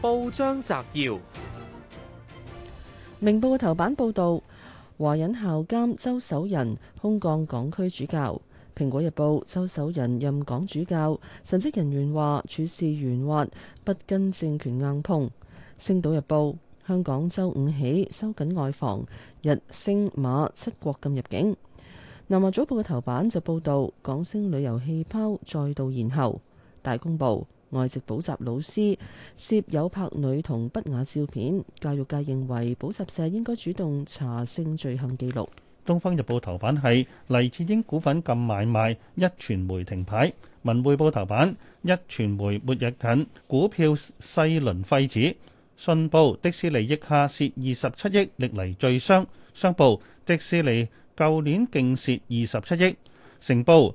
報章摘要：明報嘅頭版報道，華仁校監周守仁空降港區主教。蘋果日報周守仁任港主教。神職人員話處事圓滑，不跟政權硬碰。星島日報：香港周五起收緊外防，日、星、馬七國禁入境。南華早報嘅頭版就報道，港星旅遊氣泡再度延後。大公報外籍補習老師涉有拍女同不雅照片，教育界認為補習社應該主動查性罪行記錄。《東方日報》頭版係黎智英股份禁買賣，壹傳媒停牌。《文匯報》頭版壹傳媒末日近，股票勢淪廢紙。《信報》迪士尼疫下蝕二十七億，歷嚟最傷。商報迪士尼舊年勁蝕二十七億。成報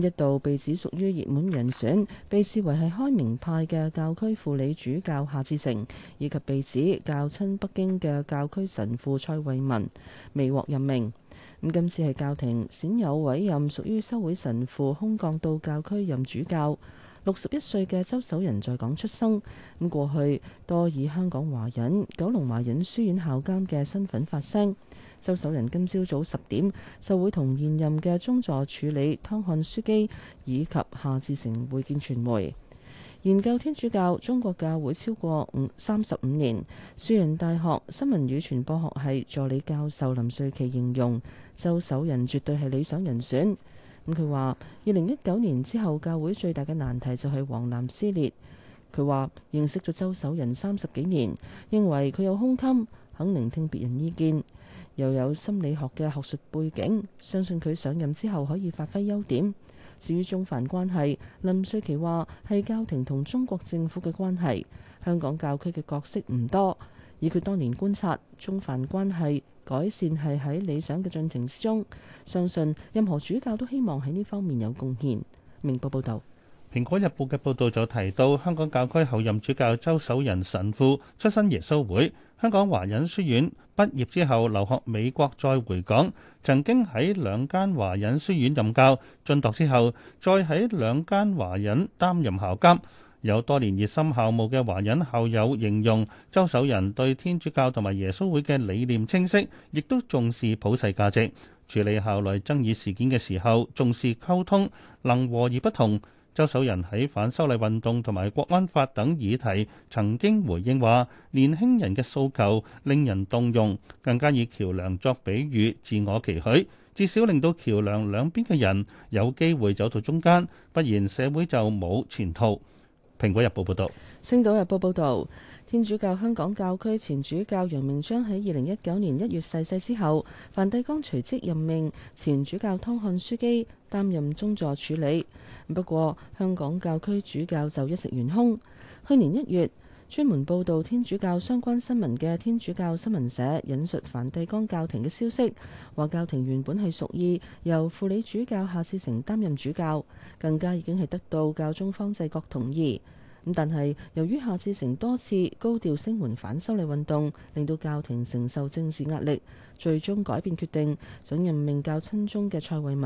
一度被指屬於熱門人選，被視為係開明派嘅教區輔理主教夏志誠，以及被指教親北京嘅教區神父蔡惠民未獲任命。今次係教廷鮮有委任，屬於修會神父空降到教區任主教。六十一歲嘅周守仁在港出生，咁過去多以香港華仁、九龍華仁書院校監嘅身份發聲。周守仁今朝早十點就會同現任嘅宗座署理湯漢樞機以及夏志誠會見傳媒。研究天主教中國教會超過五三十五年，樹仁大學新聞與傳播學系助理教授林瑞琪形容周守仁絕對係理想人選。咁佢話二零一九年之後教會最大嘅難題就係黃藍撕裂。佢話認識咗周守仁三十幾年，認為佢有胸襟，肯聆聽別人意見，又有心理學嘅學術背景，相信佢上任之後可以發揮優點。至於中梵關係，林瑞琪話係教廷同中國政府嘅關係，香港教區嘅角色唔多。以佢多年觀察，中梵關係改善係喺理想嘅進程之中，相信任何主教都希望喺呢方面有貢獻。明報報道。《蘋果日報》嘅報導就提到，香港教區候任主教周守仁神父出身耶穌會，香港華仁書院畢業之後留學美國，再回港。曾經喺兩間華仁書院任教，進讀之後再喺兩間華仁擔任校監。有多年熱心校務嘅華仁校友形容，周守仁對天主教同埋耶穌會嘅理念清晰，亦都重視普世價值。處理校內爭議事件嘅時候，重視溝通，能和而不同。周守仁喺反修例運動同埋國安法等議題曾經回應話：年輕人嘅訴求令人動容，更加以橋梁作比喻，自我期許，至少令到橋梁兩邊嘅人有機會走到中間，不然社會就冇前途。《蘋果日報》報道。《星島日報》報導。天主教香港教區前主教楊明章喺二零一九年一月逝世,世之後，梵蒂岡隨即任命前主教湯漢樞機擔任宗座署理。不過香港教區主教就一直懸空。去年一月，專門報道天主教相關新聞嘅天主教新聞社引述梵蒂岡教廷嘅消息，話教廷原本係屬意由輔理主教夏志誠擔任主教，更加已經係得到教宗方濟各同意。咁但係由於夏志誠多次高調聲援反修例運動，令到教廷承受政治壓力，最終改變決定，想任命較親中嘅蔡惠民。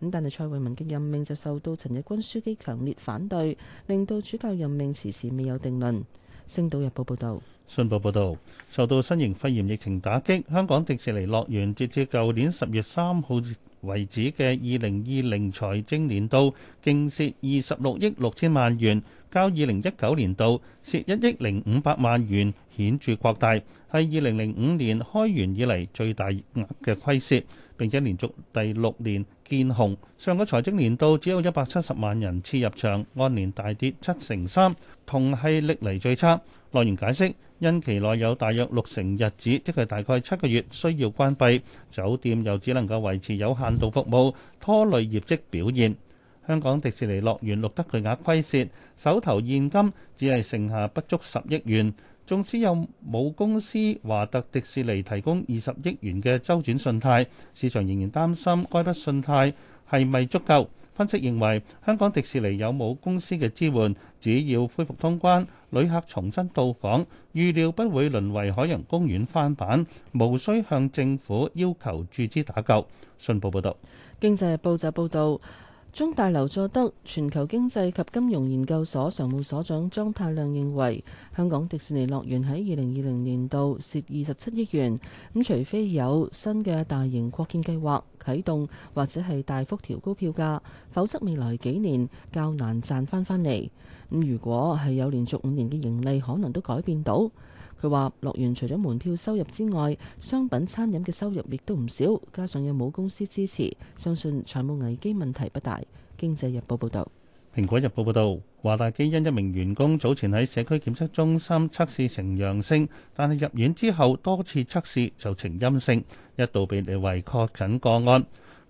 咁但係蔡惠民嘅任命就受到陳日君樞機強烈反對，令到主教任命遲遲未有定論。星島日報報道：「信報報道，受到新型肺炎疫情打擊，香港迪士尼樂園截至舊年十月三號為止嘅二零二零財政年度，淨蝕二十六億六千萬元。較二零一九年度蝕一億零五百萬元顯著擴大，係二零零五年開園以嚟最大額嘅虧蝕，並且連續第六年見紅。上個財政年度只有一百七十萬人次入場，按年大跌七成三，同係歷嚟最差。來源解釋，因期內有大約六成日子，即係大概七個月需要關閉，酒店又只能夠維持有限度服務，拖累業績表現。香港迪士尼樂園錄得巨額虧蝕，手頭現金只係剩下不足十億元。縱使有母公司華特迪士尼提供二十億元嘅週轉信貸，市場仍然擔心該筆信貸係咪足夠？分析認為，香港迪士尼有母公司嘅支援，只要恢復通關，旅客重新到訪，預料不會淪為海洋公園翻版，無需向政府要求注資打救。信報報導，《經濟日報》就報導。中大劉佐德全球經濟及金融研究所常務所長莊太量認為，香港迪士尼樂園喺二零二零年度蝕二十七億元，咁除非有新嘅大型擴建計劃啟動，或者係大幅調高票價，否則未來幾年較難賺翻翻嚟。咁如果係有連續五年嘅盈利，可能都改變到。佢話：樂園除咗門票收入之外，商品、餐飲嘅收入亦都唔少，加上有母公司支持，相信財務危機問題不大。經濟日報報導。蘋果日報報導，華大基因一名員工早前喺社區檢測中心測試呈陽性，但係入院之後多次測試就呈陰性，一度被列為確診個案。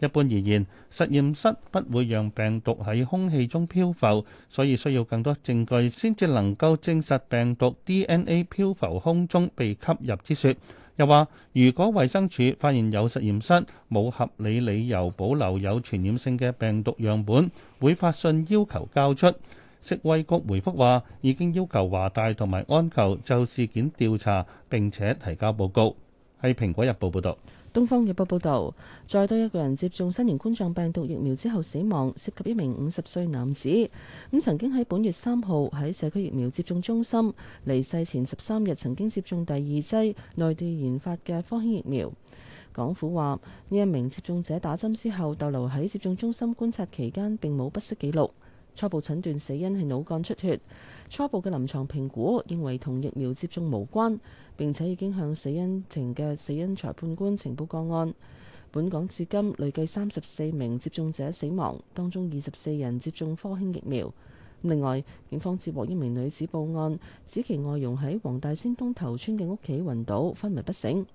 一般而言，實驗室不會讓病毒喺空氣中漂浮，所以需要更多證據先至能夠證實病毒 DNA 漂浮空中被吸入之說，又話如果衛生署發現有實驗室冇合理理由保留有傳染性嘅病毒樣本，會發信要求交出。食衛局回覆話已經要求華大同埋安球就事件調查並且提交報告。係《蘋果日報》報道。東方日報報道，再多一個人接種新型冠狀病毒疫苗之後死亡，涉及一名五十歲男子。咁曾經喺本月三號喺社區疫苗接種中心離世前十三日曾經接種第二劑內地研發嘅科興疫苗。港府話，呢一名接種者打針之後逗留喺接種中心觀察期間，並冇不適記錄。初步診斷死因係腦幹出血，初步嘅臨床評估認為同疫苗接種無關，並且已經向死因庭嘅死因裁判官呈報個案。本港至今累計三十四名接種者死亡，當中二十四人接種科興疫苗。另外，警方接獲一名女子報案，指其外傭喺黃大仙東頭村嘅屋企暈倒昏迷不醒。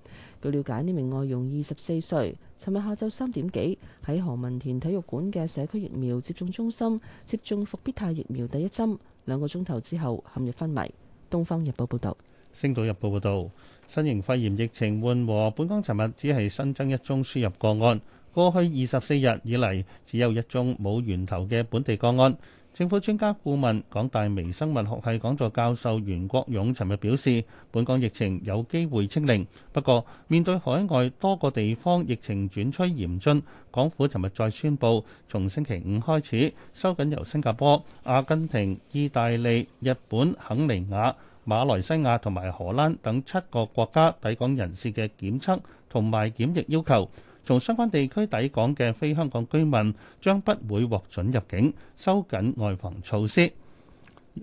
據了解，呢名外傭二十四歲，尋日下晝三點幾喺何文田體育館嘅社區疫苗接種中心接種復必泰疫苗第一針，兩個鐘頭之後陷入昏迷。《東方日報》報導，《星島日報》報導，新型肺炎疫情緩和，本港尋日只係新增一宗輸入個案，過去二十四日以嚟只有一宗冇源頭嘅本地個案。政府專家顧問、港大微生物學系講座教授袁國勇尋日表示，本港疫情有機會清零，不過面對海外多個地方疫情轉趨嚴峻，港府尋日再宣布，從星期五開始，收緊由新加坡、阿根廷、意大利、日本、肯尼亞、馬來西亞同埋荷蘭等七個國家抵港人士嘅檢測同埋檢疫要求。從相關地區抵港嘅非香港居民將不會獲准入境，收緊外防措施。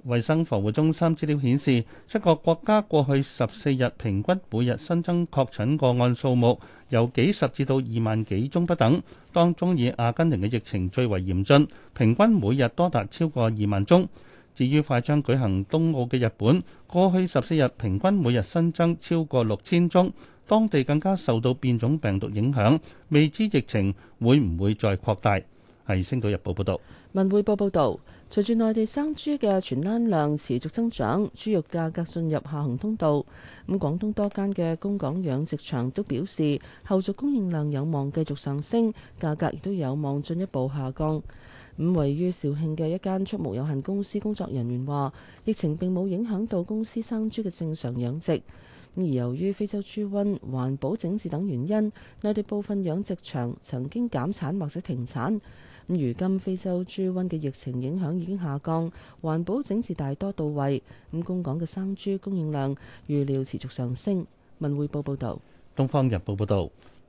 衛生防護中心資料顯示，七個國家過去十四日平均每日新增確診個案數目由幾十至到二萬幾宗不等，當中以阿根廷嘅疫情最為嚴峻，平均每日多達超過二萬宗。至於快將舉行東奧嘅日本，過去十四日平均每日新增超過六千宗。當地更加受到變種病毒影響，未知疫情會唔會再擴大？係《星島日報》報導。《文匯報》報導，隨住內地生豬嘅存欄量持續增長，豬肉價格進入下行通道。咁廣東多間嘅公港養殖場都表示，後續供應量有望繼續上升，價格亦都有望進一步下降。咁位於肇慶嘅一間畜牧有限公司工作人員話，疫情並冇影響到公司生豬嘅正常養殖。而由於非洲豬瘟、環保整治等原因，內地部分養殖場曾經減產或者停產。如今非洲豬瘟嘅疫情影響已經下降，環保整治大多到位。咁供港嘅生豬供應量預料持續上升。文匯報報道：東方日報報道。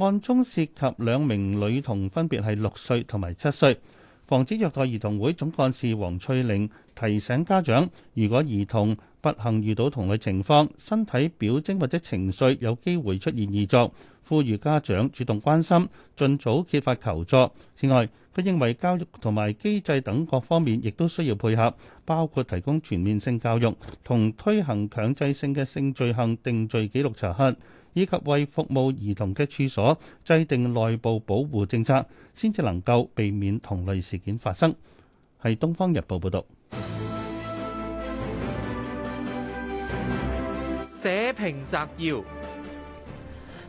案中涉及兩名女童，分別係六歲同埋七歲。防止虐待兒童會總幹事黃翠玲提醒家長，如果兒童不幸遇到同類情況，身體表徵或者情緒有機會出現異作。呼籲家長主動關心，盡早揭發求助。此外，佢認為教育同埋機制等各方面亦都需要配合，包括提供全面性教育，同推行強制性嘅性罪行定罪記錄查核，以及為服務兒童嘅處所制定內部保護政策，先至能夠避免同類事件發生。係《東方日報》報道。社評摘要。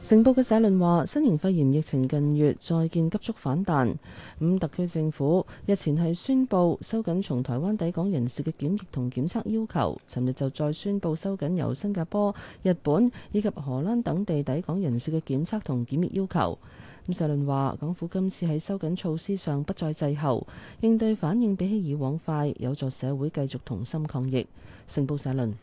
成報嘅社論話：新型肺炎疫情近月再見急速反彈，咁特區政府日前係宣布收緊從台灣抵港人士嘅檢疫同檢測要求，尋日就再宣布收緊由新加坡、日本以及荷蘭等地抵港人士嘅檢測同檢疫要求。咁社論話，港府今次喺收緊措施上不再滯後，應對反應比起以往快，有助社會繼續同心抗疫。成報社論。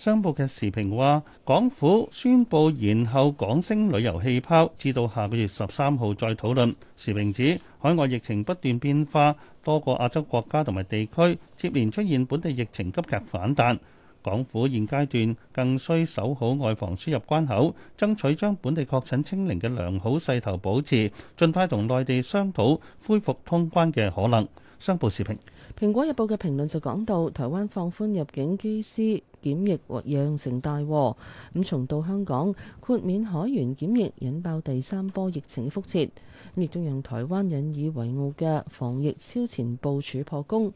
商報嘅時評話，港府宣布延後港星旅遊氣泡，至到下個月十三號再討論。時評指，海外疫情不斷變化，多個亞洲國家同埋地區接連出現本地疫情急劇反彈，港府現階段更需守好外防輸入關口，爭取將本地確診清零嘅良好勢頭保持，盡快同內地商討恢復通關嘅可能。商報時評，蘋果日報嘅評論就講到，台灣放寬入境機師檢疫或釀成大禍，咁重蹈香港豁免海員檢疫，引爆第三波疫情嘅覆轍，咁亦都讓台灣引以為傲嘅防疫超前部署破功。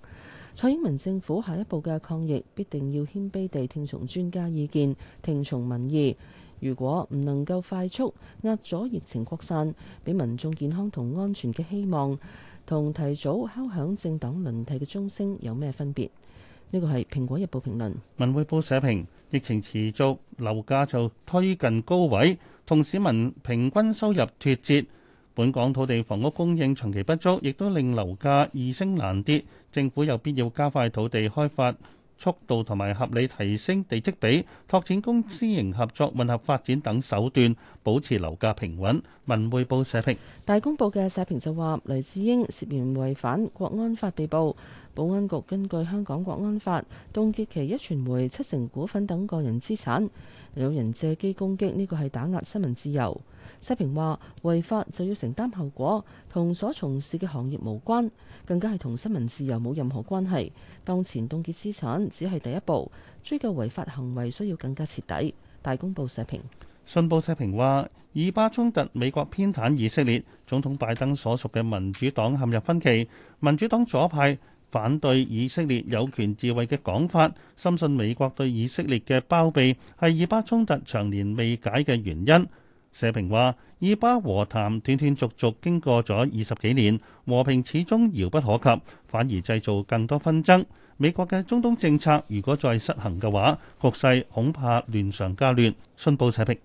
蔡英文政府下一步嘅抗疫，必定要謙卑地聽從專家意見，聽從民意。如果唔能夠快速壓阻疫情擴散，俾民眾健康同安全嘅希望。同提早敲響政黨輪替嘅鐘聲有咩分別？呢個係《蘋果日報》評論，《文匯報》社評：疫情持續，樓價就推近高位，同市民平均收入脫節。本港土地房屋供應長期不足，亦都令樓價易升難跌。政府有必要加快土地開發。速度同埋合理提升地積比、拓展公私營合作、混合發展等手段，保持樓價平穩。文匯報社評。大公報嘅社評就話：黎智英涉嫌違反國安法被捕，保安局根據香港國安法凍結其一傳媒七成股份等個人資產，有人借機攻擊呢個係打壓新聞自由。社評話：違法就要承擔後果，同所從事嘅行業無關，更加係同新聞自由冇任何關係。當前凍結資產只係第一步，追究違法行為需要更加徹底。大公報社評。信報社評話：以巴衝突，美國偏袒以色列，總統拜登所屬嘅民主黨陷入分歧。民主黨左派反對以色列有權自衞嘅講法，深信美國對以色列嘅包庇係以巴衝突長年未解嘅原因。社評話：以巴和談斷斷續續經過咗二十幾年，和平始終遙不可及，反而製造更多紛爭。美國嘅中東政策如果再失衡嘅話，局勢恐怕亂上加亂。信報社評。